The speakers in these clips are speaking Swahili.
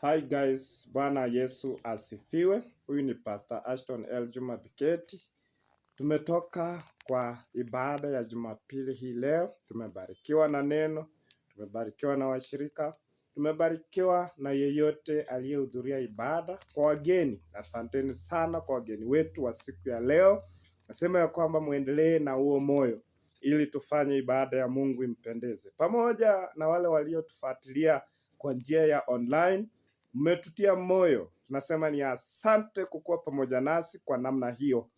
Hi guys, Bwana Yesu asifiwe. Huyu ni Pastor Ashton L. Juma Biketi. Tumetoka kwa ibada ya Jumapili hii leo, tumebarikiwa na neno, tumebarikiwa na washirika, tumebarikiwa na yeyote aliyehudhuria ibada. Kwa wageni, asanteni sana kwa wageni wetu wa siku ya leo. Nasema ya kwamba mwendelee na huo moyo ili tufanye ibada ya Mungu impendeze, pamoja na wale waliotufuatilia kwa njia ya online mmetutia moyo. Tunasema ni asante kukuwa pamoja nasi kwa namna hiyo,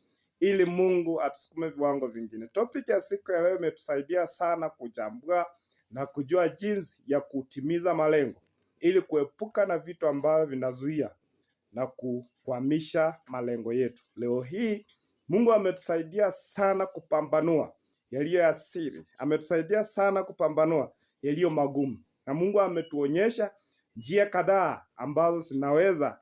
ili Mungu atusukume viwango vingine. Topic ya siku ya leo imetusaidia sana kujambua na kujua jinsi ya kutimiza malengo ili kuepuka na vitu ambavyo vinazuia na kukwamisha malengo yetu. Leo hii Mungu ametusaidia sana kupambanua yaliyo ya siri, ametusaidia sana kupambanua yaliyo magumu, na Mungu ametuonyesha njia kadhaa ambazo zinaweza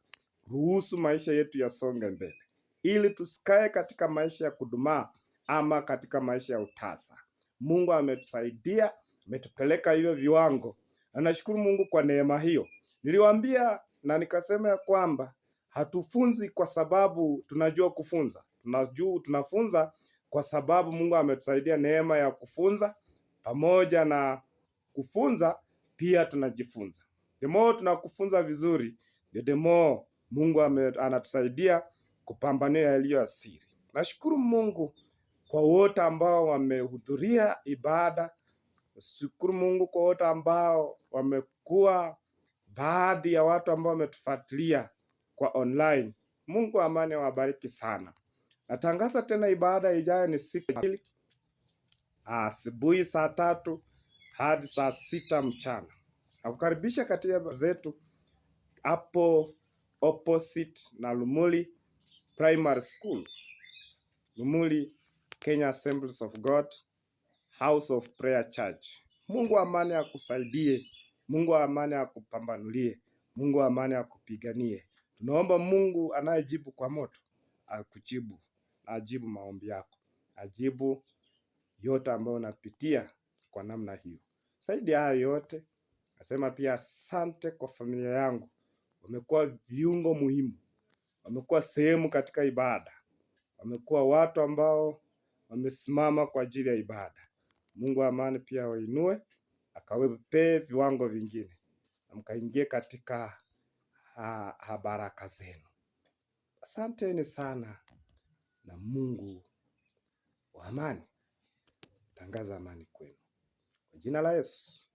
ruhusu maisha yetu yasonge mbele ili tusikae katika maisha ya kudumaa ama katika maisha ya utasa. Mungu ametusaidia, ametupeleka hivyo viwango, na nashukuru Mungu kwa neema hiyo. Niliwaambia na nikasema ya kwamba hatufunzi kwa sababu tunajua kufunza, tunajua tunafunza kwa sababu Mungu ametusaidia neema ya kufunza. Pamoja na kufunza, pia tunajifunza. The more tunakufunza vizuri, the more Mungu anatusaidia kupambania yaliyo asiri. Nashukuru Mungu kwa wote ambao wamehudhuria ibada. Nashukuru Mungu kwa wote ambao wamekuwa baadhi ya watu ambao wametufuatilia kwa online. Mungu amani awabariki sana. Natangaza tena ibada ijayo ni siku asubuhi saa tatu hadi saa sita mchana. Nakukaribisha ya zetu hapo opposite na Lumuli Primary School, Lumuli Kenya Assemblies of God House of Prayer Church. Mungu wa amani akusaidie, Mungu wa amani akupambanulie, Mungu wa amani akupiganie. Tunaomba Mungu anayejibu kwa moto akujibu, ajibu maombi yako, ajibu yote ambayo unapitia kwa namna hiyo. Zaidi ya hayo yote Nasema pia asante kwa familia yangu, wamekuwa viungo muhimu, wamekuwa sehemu katika ibada, wamekuwa watu ambao wamesimama kwa ajili ya ibada. Mungu wa amani pia wainue akawepe viwango vingine na mkaingie katika ha baraka zenu. Asanteni sana, na Mungu wa amani tangaza amani kwenu kwa jina la Yesu.